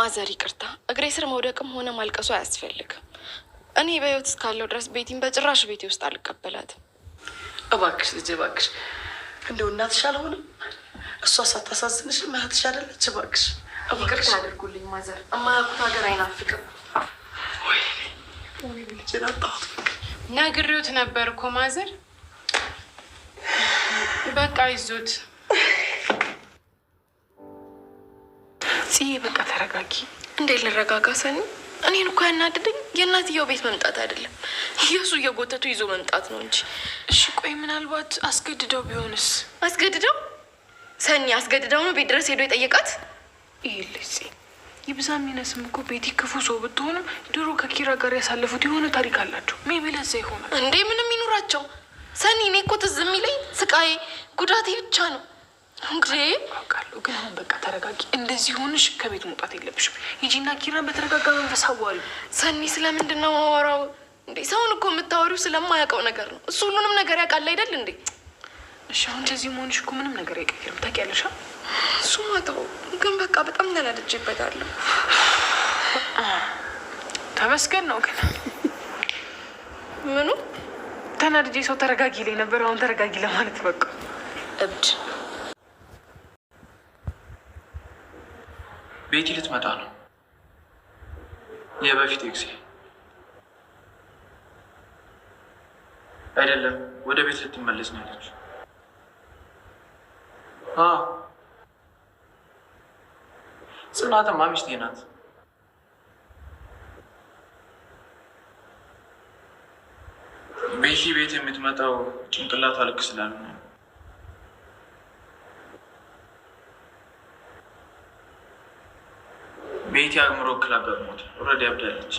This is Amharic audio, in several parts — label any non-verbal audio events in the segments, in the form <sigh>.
ማዘር ይቅርታ፣ እግሬ ስር መውደቅም ሆነ ማልቀሱ አያስፈልግም። እኔ በህይወት እስካለው ድረስ ቤቲን በጭራሽ ቤቴ ውስጥ አልቀበላትም። እባክሽ ልጄ እባክሽ፣ እንደው እናትሽ አልሆንም። እሷ ሳታሳዝንሽ እህትሽ አይደለች? እባክሽ እባክሽ፣ አድርጉልኝ ማዘር። እማያውቁት ሀገር አይናፍቅም። ነግሬዎት ነበር እኮ ማዘር። በቃ ይዞት ጽዬ በቃ ተረጋጊ። እንዴት ልረጋጋ ሰኒ? እኔን እኮ ያናደደኝ የእናትየው ቤት መምጣት አይደለም የሱ እየጎተቱ ይዞ መምጣት ነው እንጂ። እሺ ቆይ ምናልባት አስገድደው ቢሆንስ? አስገድደው ሰኒ አስገድደው ነው ቤት ድረስ ሄዶ የጠየቃት ይህ ልጅ ይብዛም ይነስም እኮ ቤቲ ክፉ ሰው ብትሆንም ድሮ ከኪራ ጋር ያሳለፉት የሆነ ታሪክ አላቸው። ሜቢ ለዛ ይሆናል እንዴ። ምንም ይኑራቸው ሰኒ፣ እኔ እኮ ትዝ የሚለኝ ስቃዬ ጉዳቴ ብቻ ነው። እንግዲህ አውቃለሁ፣ ግን አሁን በቃ ተረጋጊ። እንደዚህ ሆንሽ ከቤት መውጣት የለብሽም። ሂጂና ኪራን በተረጋጋ መንፈስ አዋሪው። ሰኒ ስለምንድን ነው የማወራው እንዴ? ሰውን እኮ የምታወሪው ስለማያውቀው ነገር ነው። እሱ ሁሉንም ነገር ያውቃል አይደል እንዴ? እሺ አሁን እንደዚህ መሆንሽ እኮ ምንም ነገር አይቀይርም። ታውቂያለሽ። እሱማ ተው፣ ግን በቃ በጣም ተናድጄበታለሁ። ተመስገን ነው ግን ምኑ ተናድጄ ሰው ተረጋጊ ላይ ነበር። አሁን ተረጋጊ ለማለት በቃ እብድ ቤቲ ልትመጣ ነው። የበፊት ጊዜ አይደለም፣ ወደ ቤት ልትመለስ ነው ያለች። ጽናትማ ሚስቴ ናት። ቤቲ ቤት የምትመጣው ጭንቅላት አልክ ስላለ ቤት አእምሮ ክላብ በሞት ኦልሬዲ ያብዳለች።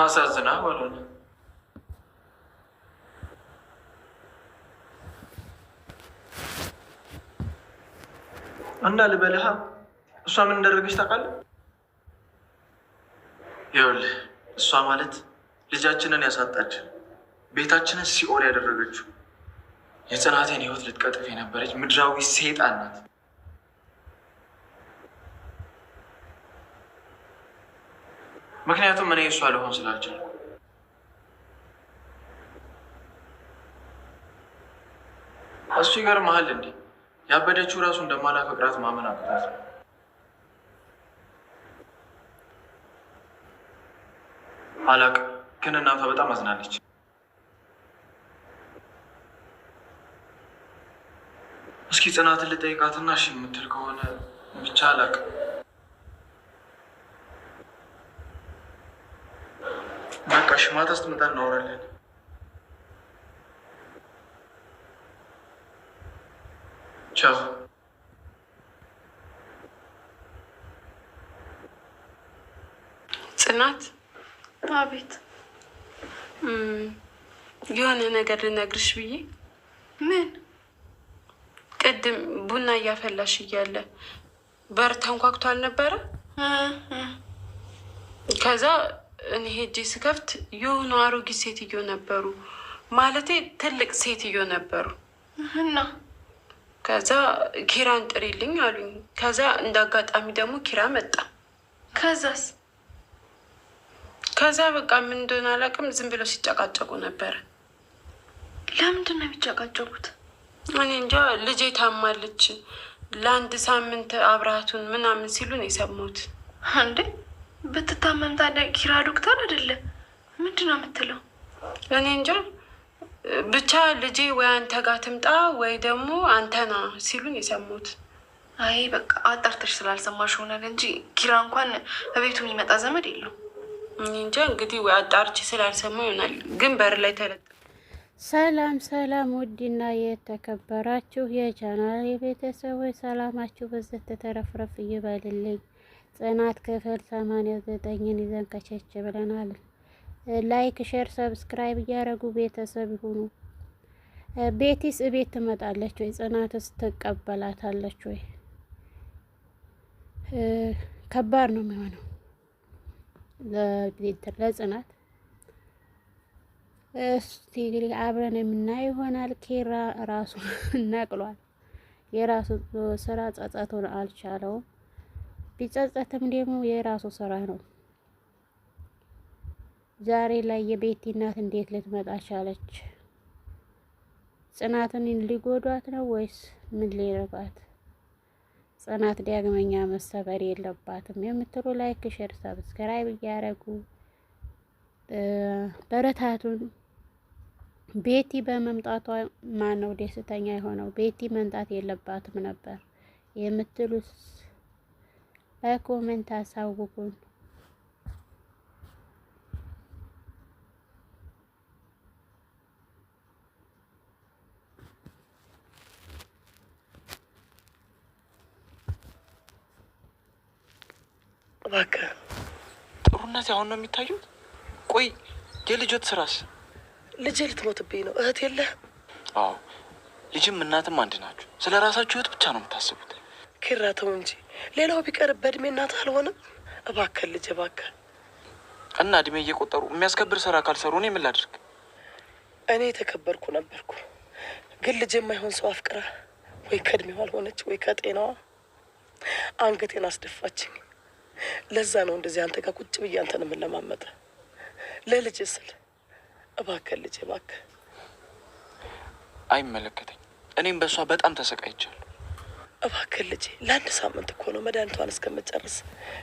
አሳዝና ባልሆነ እና ልበልሃ እሷ ምን እንዳደረገች ታውቃለህ? ይኸውልህ እሷ ማለት ልጃችንን ያሳጣችን ቤታችንን ሲኦል ያደረገችው የጽናቴን ህይወት ልትቀጥፍ የነበረች ምድራዊ ሴጣን ናት። ምክንያቱም እኔ እሷ ልሆን ስላልችል እሱ መሀል እንዴ ያበደችው እራሱ እንደማላፈቅራት ማመን አቅታት አላቅ ግን እናቷ በጣም አዝናለች። እስኪ ጽናትን ልጠይቃትና እሺ የምትል ከሆነ ብቻ አላውቅም። በቃ እሺ፣ ማታ ስትመጣ እናወራለን። ቻው። ጽናት። አቤት። የሆነ ነገር ልነግርሽ ብዬ ምን ቅድም ቡና እያፈላሽ እያለ በር ተንኳክቶ አልነበረ? ከዛ እኔ ሄጄ ስከፍት የሆኑ አሮጊት ሴትዮ ነበሩ፣ ማለቴ ትልቅ ሴትዮ ነበሩ እና ከዛ ኪራን ጥሪልኝ አሉኝ። ከዛ እንደ አጋጣሚ ደግሞ ኪራ መጣ። ከዛስ ከዛ በቃ ምን እንደሆነ አላውቅም፣ ዝም ብለው ሲጨቃጨቁ ነበረ። ለምንድን ነው የሚጨቃጨቁት? እኔ እንጃ ልጄ ታማለች ለአንድ ሳምንት አብራቱን ምናምን ሲሉን የሰሙት። አንዴ ብትታመም ታዲያ ኪራ ዶክተር አይደለ? ምንድን ነው የምትለው? እኔ እንጃ ብቻ ልጄ ወይ አንተ ጋር ትምጣ ወይ ደግሞ አንተና ሲሉን የሰሙት። አይ በቃ አጣርተሽ ስላልሰማሽ ሆናል እንጂ ኪራ እንኳን በቤቱ የሚመጣ ዘመድ የለው። እኔ እንጃ እንግዲህ ወይ አጣርቼ ስላልሰማ ይሆናል፣ ግን በር ላይ ተለጠ ሰላም ሰላም ውድና የተከበራችሁ የቻናል የቤተሰቦች ሰላማችሁ በዘት ተተረፍረፍ ይበልልኝ። ጽናት ክፍል ሰማንያ ዘጠኝን ይዘን ከቸች ብለናል። ላይክ ሼር፣ ሰብስክራይብ እያደረጉ ቤተሰብ ይሁኑ። ቤቲስ እቤት ትመጣለች ወይ? ጽናትስ ትቀበላታለች ወይ? ከባድ ነው የሚሆነው ለጽናት እስቲ እንግዲህ አብረን የምናየው ይሆናል። ኬራ ራሱ <laughs> ነቅሏል። የራሱ ስራ ጸጸቱን አልቻለውም። ቢጸጸትም ደግሞ የራሱ ስራ ነው። ዛሬ ላይ የቤቲ እናት እንዴት ልትመጣ ቻለች? ጽናትን ሊጎዷት ነው ወይስ ምን ሊረባት? ጽናት ዳግመኛ መሰበር የለባትም የምትሉ ላይክ፣ ሼር፣ ሰብስክራይብ እያደረጉ በረታቱን። ቤቲ በመምጣቷ ማነው ደስተኛ የሆነው? ቤቲ መምጣት የለባትም ነበር የምትሉት በኮመንት አሳውቁን። ጥሩነት አሁን ነው የሚታዩት። ቆይ የልጆት ስራስ ልጄ ልትሞትብኝ ነው። እህት የለህም? አዎ ልጅም እናትም አንድ ናቸው። ስለ ራሳችሁ ህይወት ብቻ ነው የምታስቡት። ኪራ ተው እንጂ ሌላው ቢቀር በእድሜ እናት አልሆንም። እባክህ ልጄ እባክህ። እና እድሜ እየቆጠሩ የሚያስከብር ስራ ካልሰሩ እኔ ምን ላድርግ? እኔ የተከበርኩ ነበርኩ፣ ግን ልጅ የማይሆን ሰው አፍቅራ ወይ ከእድሜዋ አልሆነች ወይ ከጤናዋ አንገቴን አስደፋችኝ። ለዛ ነው እንደዚህ አንተ ጋር ቁጭ ብዬ አንተን የምለማመጠ ስል እባክህ ልጄ እባክህ። አይመለከተኝ። እኔም በእሷ በጣም ተሰቃይቻለሁ። እባክህ ልጄ ለአንድ ሳምንት እኮ ነው መድኃኒቷን እስከምትጨርስ።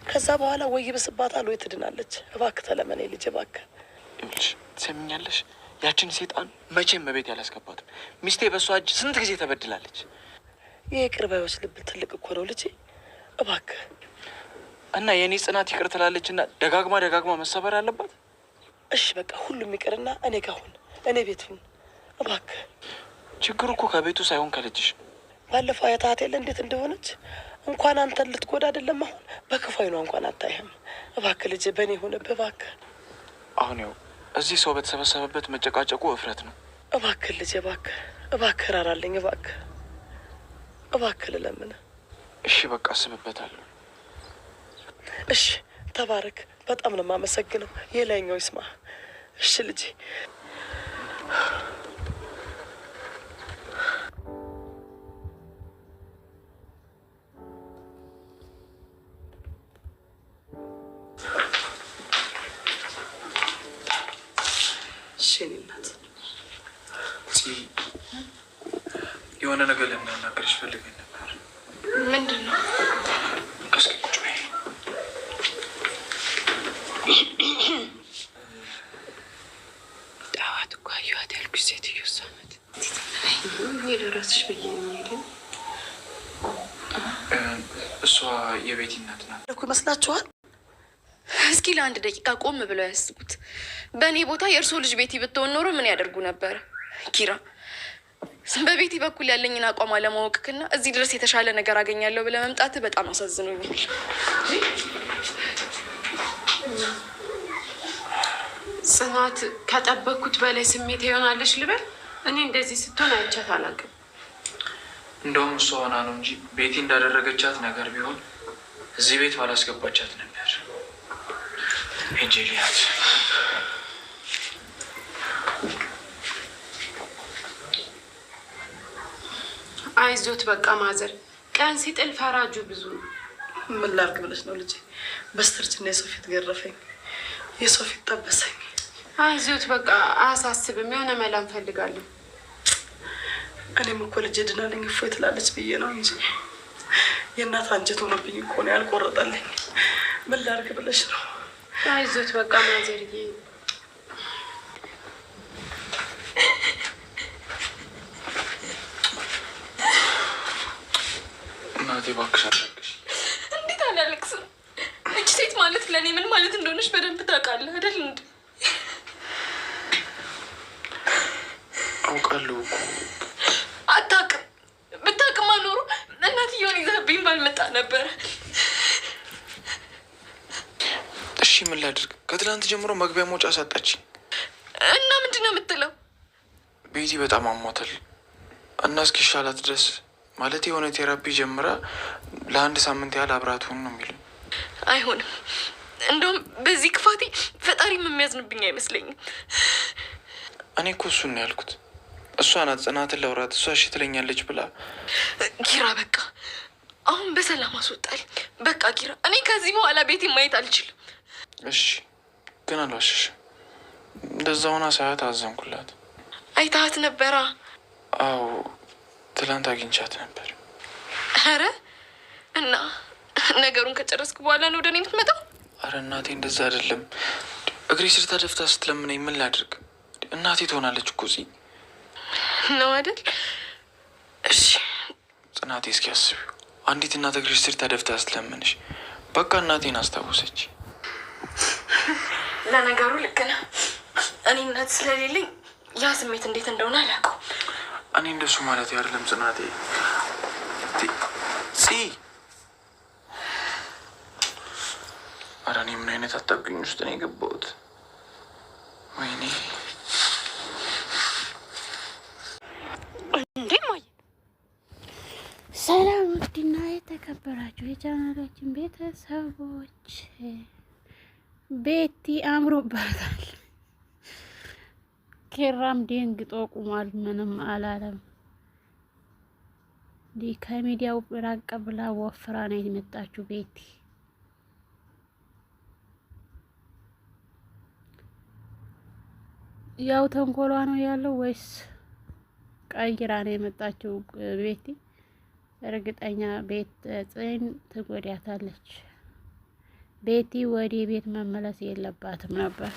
ከዛ በኋላ ወይ ይብስባታል ወይ ትድናለች። እባክህ ተለመኔ ልጄ እባክህ። ይኸውልሽ ትሰሚኛለሽ፣ ያችን ሴጣን መቼም በቤት ያላስገባትም። ሚስቴ በእሷ እጅ ስንት ጊዜ ተበድላለች። ይህ ይቅር ልብ ትልቅ እኮ ነው ልጄ እባክህ። እና የእኔ ጽናት ይቅር ትላለች እና ደጋግማ ደጋግማ መሰበር አለባት እሺ በቃ ሁሉም ይቅርና እኔ ጋር ሁን፣ እኔ ቤት ሁን እባክህ። ችግሩ እኮ ከቤቱ ሳይሆን ከልጅሽ። ባለፈው አያታት የለ እንዴት እንደሆነች እንኳን አንተን ልትጎዳ አይደለም አሁን በክፉ አይኗ እንኳን አታይህም። እባክህ ልጅ በእኔ ሆነብህ እባክህ። አሁን ያው እዚህ ሰው በተሰበሰበበት መጨቃጨቁ እፍረት ነው። እባክህ ልጅ እባክህ እባክህ ራራለኝ እባክህ እባክህ ልለምንህ። እሺ በቃ አስብበታለሁ። እሺ ተባረክ። በጣም ነው የማመሰግነው። የላይኛው ይስማ። እሺ ልጅ የሆነ ነገር ለምን አየኋት እኮ አየኋት ያልኩሽ ሴትዮ እሷ ናት። ለራስሽ ብዬ ሄድን እሷ የቤቲ እናት ናት እኮ ይመስላችኋል? እስኪ ለአንድ ደቂቃ ቆም ብለው ያስቡት። በእኔ ቦታ የእርስዎ ልጅ ቤቲ ብትሆን ኖሮ ምን ያደርጉ ነበር? ኪራ፣ በቤቲ በኩል ያለኝን አቋም አለማወቅክና እዚህ ድረስ የተሻለ ነገር አገኛለሁ ብለህ መምጣትህ በጣም አሳዝኖኛል። ጽናት ከጠበኩት በላይ ስሜት ይሆናለች ልበል። እኔ እንደዚህ ስትሆን አይቻት አላውቅም። እንደውም እሷ ሆና ነው እንጂ ቤቲ እንዳደረገቻት ነገር ቢሆን እዚህ ቤት ባላስገባቻት ነበር። ሄጄልያት አይዞት በቃ ማዘር፣ ቀን ሲጥል ፈራጁ ብዙ ነው። ምን ላድርግ ብለሽ ነው ልጄ? በስተርጅና የሰው ፊት ገረፈኝ፣ የሰው ፊት ጠበሰኝ። አይዞት በቃ አያሳስብም። የሆነ መላ እንፈልጋለን። እኔም እኮ ልጄ ድናለኝ እፎይ ትላለች ብዬ ነው እንጂ የእናት አንጀት ሆኖብኝ እኮ ነው ያልቆረጠልኝ። ምን ላድርግ ብለሽ ነው? አይዞት በቃ ማዘርዬ እናቴ እባክሽ እንዴት አላለቅስም? እች ሴት ማለት ለእኔ ምን ማለት እንደሆነች በደንብ ታውቃለህ አይደል? አውቃለሁ። አታውቅም። ብታውቅም አልኖሩ እናትየውን ይዘህብኝ ባልመጣ ነበረ። እሺ ምን ላድርግ? ከትናንት ጀምሮ መግቢያ መውጫ አሳጣችኝ። እና ምንድን ነው የምትለው? ቤቲ በጣም አሟታል እና እስኪሻላት ድረስ ማለት የሆነ ቴራፒ ጀምራ ለአንድ ሳምንት ያህል አብራት ሁን ነው የሚለው። አይሆንም። እንደውም በዚህ ክፋቴ ፈጣሪም የሚያዝንብኝ አይመስለኝም። እኔ እኮ እሱን ነው ያልኩት። እሷ ናት ጽናትን ለውራት እሷ እሺ ትለኛለች ብላ ኪራ፣ በቃ አሁን በሰላም አስወጣል። በቃ ኪራ፣ እኔ ከዚህ በኋላ ቤት ማየት አልችልም። እሺ ግን አልዋሸሽ። እንደዛ ሆና ሰዓት አዘንኩላት። አይታት ነበራ? አዎ ትላንት አግኝቻት ነበር። አረ እና ነገሩን ከጨረስክ በኋላ ነው ወደ እኔ የምትመጣው? አረ እናቴ እንደዛ አይደለም። እግሬ ስር ተደፍታ ስትለምነኝ ምን ላድርግ? እናቴ ትሆናለች እኮ እዚህ ነው አይደል? እሺ ጽናቴ፣ እስኪ አስቢው። አንዲት እናት እግርሽ ስር ተደፍታ አስለምንሽ፣ በቃ እናቴን አስታወሰች። ለነገሩ ልክ ነህ። እኔ እናት ስለሌለኝ ያ ስሜት እንዴት እንደሆነ አላውቀውም። እኔ እንደሱ ማለት አይደለም ጽናቴ ሲ ኧረ እኔ ምን አይነት አጣብቂኝ ውስጥ ነው የገባሁት? የተከበራችሁ የቻናላችን ቤተሰቦች ቤቲ አምሮባታል። ኬራም ደንግጦ ቁሟል። ምንም አላለም። እንዲህ ከሚዲያው ራቅ ብላ ወፍራ ነው የመጣችሁ ቤቲ ያው ተንኮሏ ነው ያለው ወይስ ቀይራ ነው የመጣችው ቤቲ? እርግጠኛ ቤት ጽን ትጎዳታለች። ቤቲ ወደ ቤት መመለስ የለባትም ነበር።